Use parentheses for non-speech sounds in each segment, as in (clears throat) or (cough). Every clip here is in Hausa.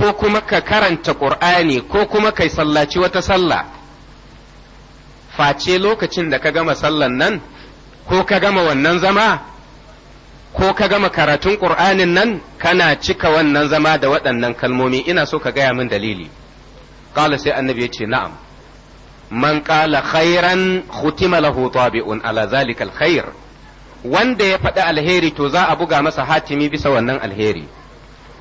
ko kuma ka karanta ƙur'ani ko kuma kai sallaci wata sallah face lokacin da ka gama sallan nan ko ka gama wannan zama ko ka gama karatun ƙur'anin nan kana cika wannan zama da waɗannan kalmomi ina so ka gaya min dalili ƙala sai annabi ya ce na'am man ƙala khairan hutima lahu tabi'un ala zalikal khair wanda ya faɗi alheri to za a buga masa hatimi bisa wannan alheri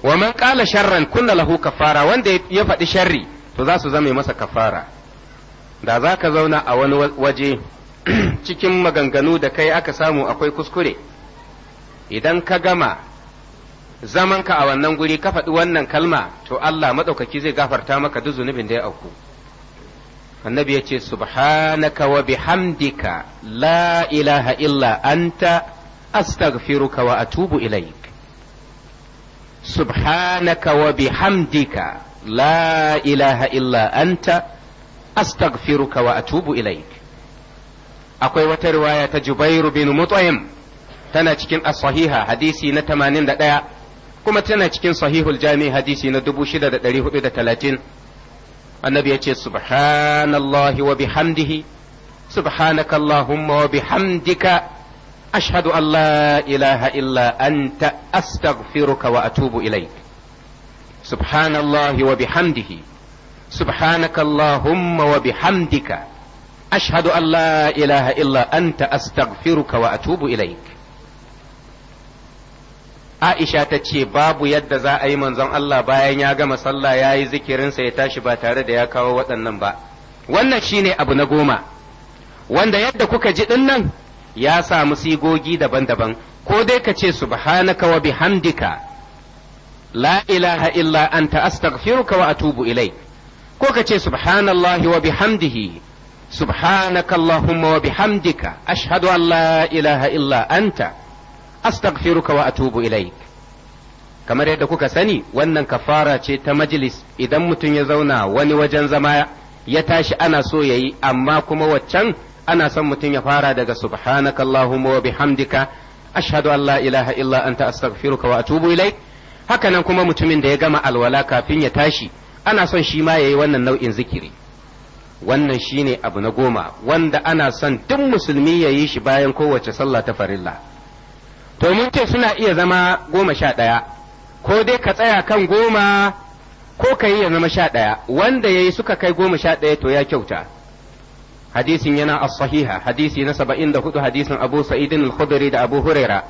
wa man qala sharran kunna lahu kafara wanda ya faɗi sharri to za su zame masa kafara da zaka zauna a wani waje (clears throat) cikin maganganu da kai aka samu akwai kuskure idan ka gama zamanka a wannan guri ka faɗi wannan kalma to Allah maɗaukaki zai gafarta maka duk zunubin da ya auku annabi ya ce subhanaka wa bihamdika la ilaha illa anta astaghfiruka wa atubu ilayk subhanaka hamdika bihamdika la ilaha illa anta astaghfiruka wa atubu ilaik akwai wata riwaya ta Jubairu bin Mut'im tana cikin as-sahiha hadisi na 81 kuma tana cikin sahihul jami hadisi na 6430 annabi yace subhanallahi wa bihamdihi subhanakallahumma wa bihamdika أشهد أن لا إله إلا أنت أستغفرك وأتوب إليك سبحان الله وبحمده سبحانك اللهم وبحمدك أشهد أن لا إله إلا أنت أستغفرك وأتوب إليك Aisha ta ce babu yadda za a yi manzon Allah bayan ya gama sallah ya yi zikirinsa ya tashi ba tare da ya kawo waɗannan ba. Wannan shine abu na goma, wanda yadda kuka ji ɗin nan ya samu sigogi daban-daban ko dai ka ce subhanaka wa bihamdika la ilaha illa anta astaghfiruka wa atubu ilai ko ka ce subhanallahi wa bihamdihi subhanaka allahumma wa bihamdika ashhadu an la ilaha illa anta astaghfiruka wa atubu ilai kamar yadda kuka sani wannan kafara ce ta majlis idan mutum ya zauna wani wajen zama ya tashi ana so yayi amma kuma waccan ana son mutum ya fara daga Allahumma wa bihamdika ashhadu an la ilaha illa anta astaghfiruka wa atubu ilaik hakanan kuma mutumin da ya gama alwala kafin ya tashi ana son shi ma yayi wannan nau'in zikiri wannan shine abu na goma wanda ana son duk musulmi ya yi shi bayan kowace sallah ta farilla to mun ce suna iya zama goma sha ɗaya ko dai ka tsaya kan goma ko ka yi ya zama sha ɗaya wanda ya yi suka kai goma sha ɗaya to ya kyauta hadisin yana as-sahiha hadisi na 74 hadisin Abu Sa'id al-Khudri da Abu Huraira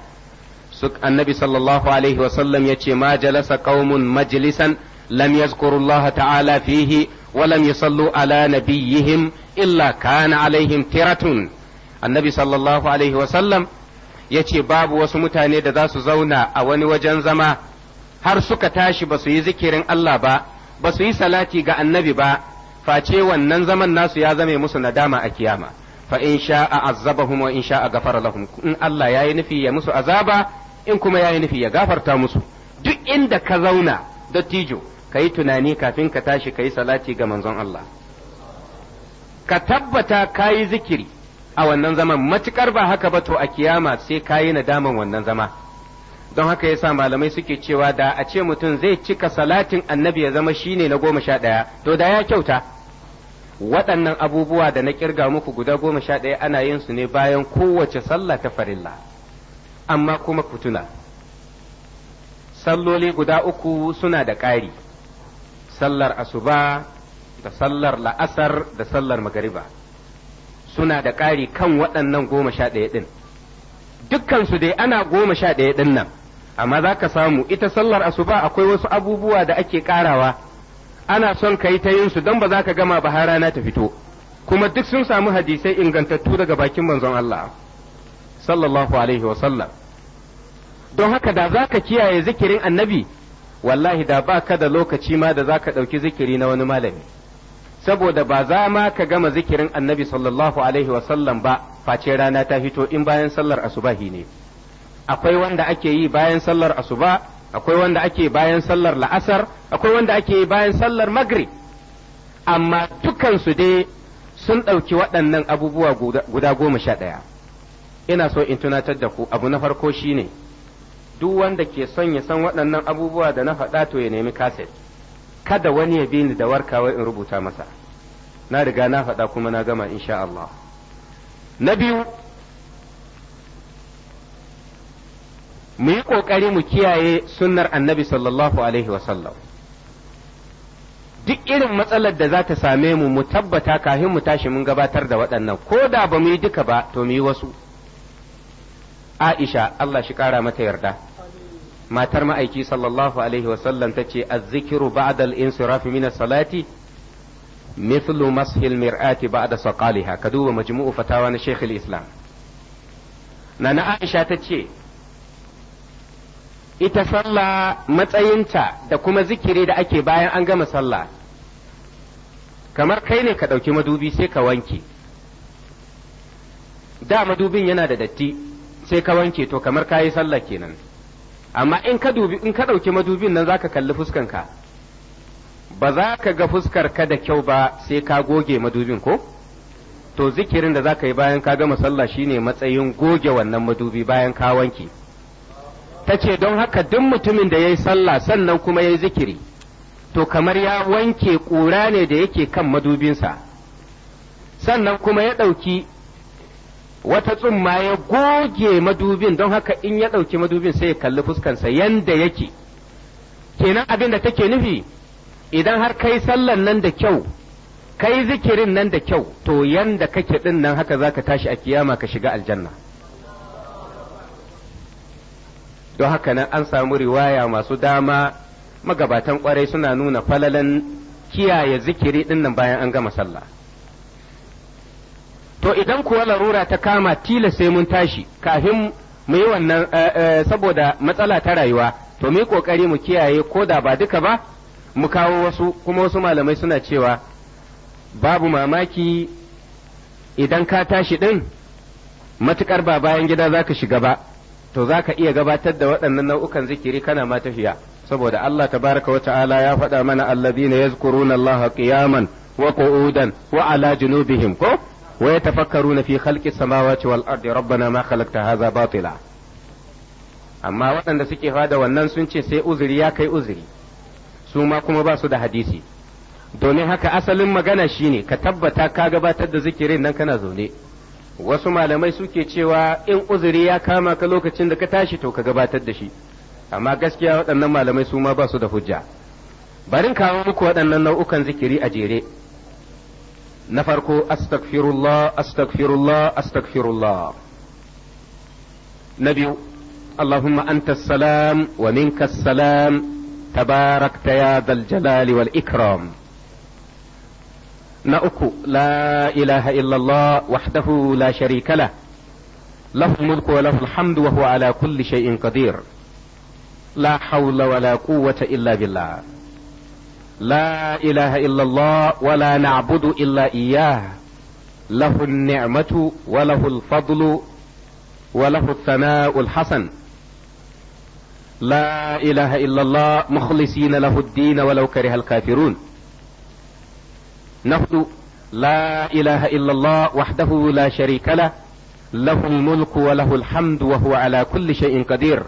annabi sallallahu alaihi wa sallam yace ma jalasa qaumun majlisan lam yazkuru Allah ta'ala fihi wa lam yusallu ala nabiyyihim illa kana alaihim tiratun annabi sallallahu alaihi wa sallam yace babu wasu mutane da za su zauna a wani wajen zama har suka tashi ba su yi zikirin Allah ba ba su yi salati ga annabi ba face wannan zaman nasu ya zame musu nadama a kiyama fa in sha'a azabahum wa in sha'a ghafara lahum in Allah yayi nufi ya musu azaba in kuma yayi nufi ya gafarta musu duk inda ka zauna dattijo kayi tunani kafin ka tashi kayi salati ga manzon Allah ka tabbata kayi zikiri a wannan zaman matukar ba haka ba to a kiyama sai kayi nadaman wannan zama don haka yasa malamai suke cewa da a ce mutum zai cika salatin annabi ya zama shine na goma sha ɗaya to da ya kyauta waɗannan abubuwa da na ƙirga muku guda goma sha ɗaya ana yin su ne bayan kowace sallah ta farilla amma kuma ku tuna salloli guda uku suna da ƙari sallar asuba da sallar la'asar da sallar magariba suna da ƙari kan waɗannan goma sha ɗaya ɗin dukkansu dai ana goma sha ɗaya ɗin nan amma za ka samu ita sallar asuba akwai wasu abubuwa da ake ƙarawa ana son ka ta yin su don ba za ka gama ba har rana ta fito kuma duk sun samu hadisai ingantattu daga bakin manzon Allah sallallahu alaihi wa sallam don haka da za ka kiyaye zikirin annabi wallahi da ba ka da lokaci ma da za ka ɗauki zikiri na wani malami saboda ba za ma ka gama zikirin annabi sallallahu alaihi wa sallam ba face rana ta fito in bayan sallar asubahi ne akwai wanda ake yi bayan sallar asuba akwai wanda ake bayan sallar la'asar akwai wanda ake bayan sallar maghrib amma dukansu dai sun ɗauki waɗannan abubuwa guda goma sha ɗaya ina so in tunatar da ku abu na farko shine duk wanda ke son ya san waɗannan abubuwa da na faɗa to ya nemi kaset kada wani ya bi ni da warkawa in rubuta masa na riga na faɗa kuma na gama insha Allah na biyu mu yi ƙoƙari mu kiyaye sunnar annabi sallallahu alaihi wasallam duk irin matsalar da za ta same mu mu tabbata kafin mu tashi mun gabatar da waɗannan ko da ba mu yi duka ba to mu yi wasu aisha Allah shi ƙara mata yarda matar ma'aiki sallallahu alaihi wasallam ta ce azzikiru ba'da al-insirafi min salati mithlu mashil mir'ati ba'da saqaliha ka duba majmu'u fatawa na Sheikh islam nana Aisha ta ce ita sallah matsayinta da kuma zikiri da ake bayan an gama sallah kamar kai ne ka ɗauki madubi sai ka wanke da madubin yana da datti sai ka wanke to kamar ka yi sallah kenan amma in ka dubi in ka ɗauki madubin nan zaka kalli fuskanka ba za ka ga fuskar ka da kyau ba sai ka goge madubin ko to zikirin da za ka yi bayan ka gama sallah shine matsayin goge wannan madubi bayan ka wanke ta ce don haka duk mutumin da ya yi sallah sannan kuma ya yi zikiri to kamar ya wanke ƙura ne da yake kan madubinsa sannan kuma ya ɗauki wata tsumma ya goge madubin don haka in ya ɗauki madubin sai ya kalli fuskansa yanda yake kenan abin da take nufi idan har kai sallan nan da kyau kai zikirin nan da kyau to yanda kake ɗin nan haka za ka tashi a kiyama ka shiga aljanna. don haka nan an samu riwaya masu dama magabatan kwarai suna nuna falalan kiyaye zikiri din nan bayan an gama sallah to idan kuwa larura ta kama tila sai mun tashi kafin mu yi wannan eh, eh, saboda matsala ta rayuwa to mu yi kokari mu kiyaye ko da ba duka ba mu kawo wasu kuma wasu malamai suna cewa babu mamaki idan ka tashi din matukar ba bayan gida za ka shiga ba to za ka iya gabatar da waɗannan nau'ukan zikiri kana ma tafiya saboda Allah tabaraka wa ta'ala ya faɗa mana alladhina yazkuruna Allah qiyaman wa qu'udan wa ala junubihim ko wa yatafakkaruna fi khalqis samawati wal ardi rabbana ma khalaqta hadha batila amma waɗanda suke fada wannan sun ce sai uzuri ya kai uzuri su ma kuma ba su da hadisi domin haka asalin magana shine ka tabbata ka gabatar da zikirin nan kana zaune wasu malamai suke cewa in uzuri ya kama ka lokacin da ka tashi to ka gabatar da shi amma gaskiya waɗannan malamai su ma ba su da hujja barin kawo muku waɗannan nau'ukan zikiri a jere na farko astaghfirullah astaghfirullah astaghfirullah na biyu اللهم أنت السلام ومنك السلام تباركت يا ذا الجلال Ikram. نأكو لا إله إلا الله وحده لا شريك له له الملك وله الحمد وهو على كل شيء قدير لا حول ولا قوة إلا بالله لا إله إلا الله ولا نعبد إلا إياه له النعمة وله الفضل وله الثناء الحسن لا إله إلا الله مخلصين له الدين ولو كره الكافرون na hudu la ilaha illallah wahdahu la sharika la lahu mulku wa alhamdu wa huwa ala kulli shay'in qadir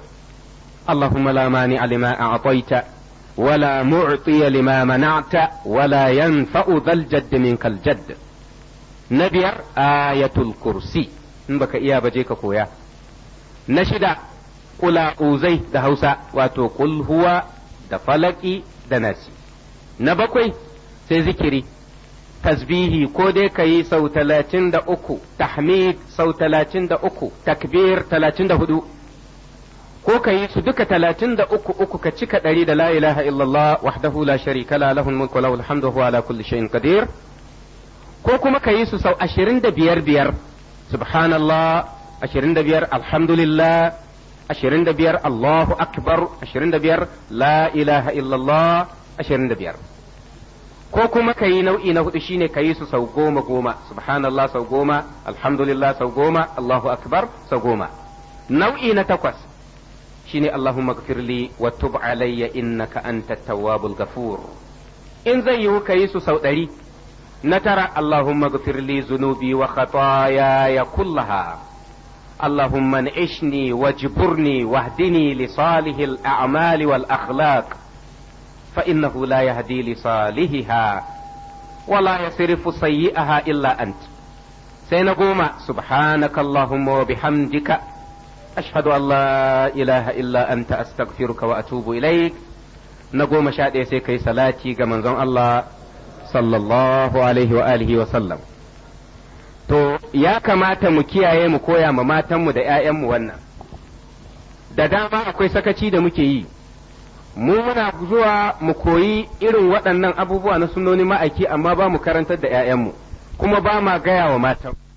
allahumma la mani lima a'tayta wa la mu'tiya lima mana'ta wa la yanfa'u dhal jadd minkal na biyar ayatul kursi in baka iya ba je ka koya na shida kula uzai da hausa wato kul da falaki da nasi na bakwai sai zikiri tasbihi ko dai ka yi sau talatin da uku tahmid sau talatin da uku takbir talatin da hudu ko ka yi su duka talatin da uku uku ka cika ɗari da la ilaha illallah wahdahu la sharika la lahul mulku wa lahul hamdu huwa ala kulli ko kuma ka yi su sau ashirin da biyar biyar subhanallah ashirin da biyar alhamdulillah ashirin da biyar allahu akbar ashirin da biyar la ilaha ashirin da biyar ko kuma ka yi nau'i na hudu shine ka yi su sau goma goma subhanallah sau goma alhamdulillah sau goma allahu akbar sau goma nau'i na takwas shine allahumma gfirli wa tub alayya innaka anta tawwabul ghafur in zan yi ka yi su sau dari na tara allahumma gfirli zunubi wa khataaya kullaha اللهم انعشني واجبرني واهدني لصالح الأعمال والأخلاق فإنه لا يهدي لصالحها ولا يصرف سيئها إلا أنت سينقوم سبحانك اللهم وبحمدك أشهد أن لا إله إلا أنت أستغفرك وأتوب إليك نقوم شاد سيكي صلاتي كمن زم الله صلى الله عليه وآله وسلم to ya kamata mu kiyaye mu koya ma matanmu da 'ya'yanmu wannan da dama akwai sakaci da muke yi mu muna zuwa mu koyi irin waɗannan abubuwa na sunoni ma'aiki amma ba mu karantar da 'ya'yanmu kuma ba ma gaya wa matan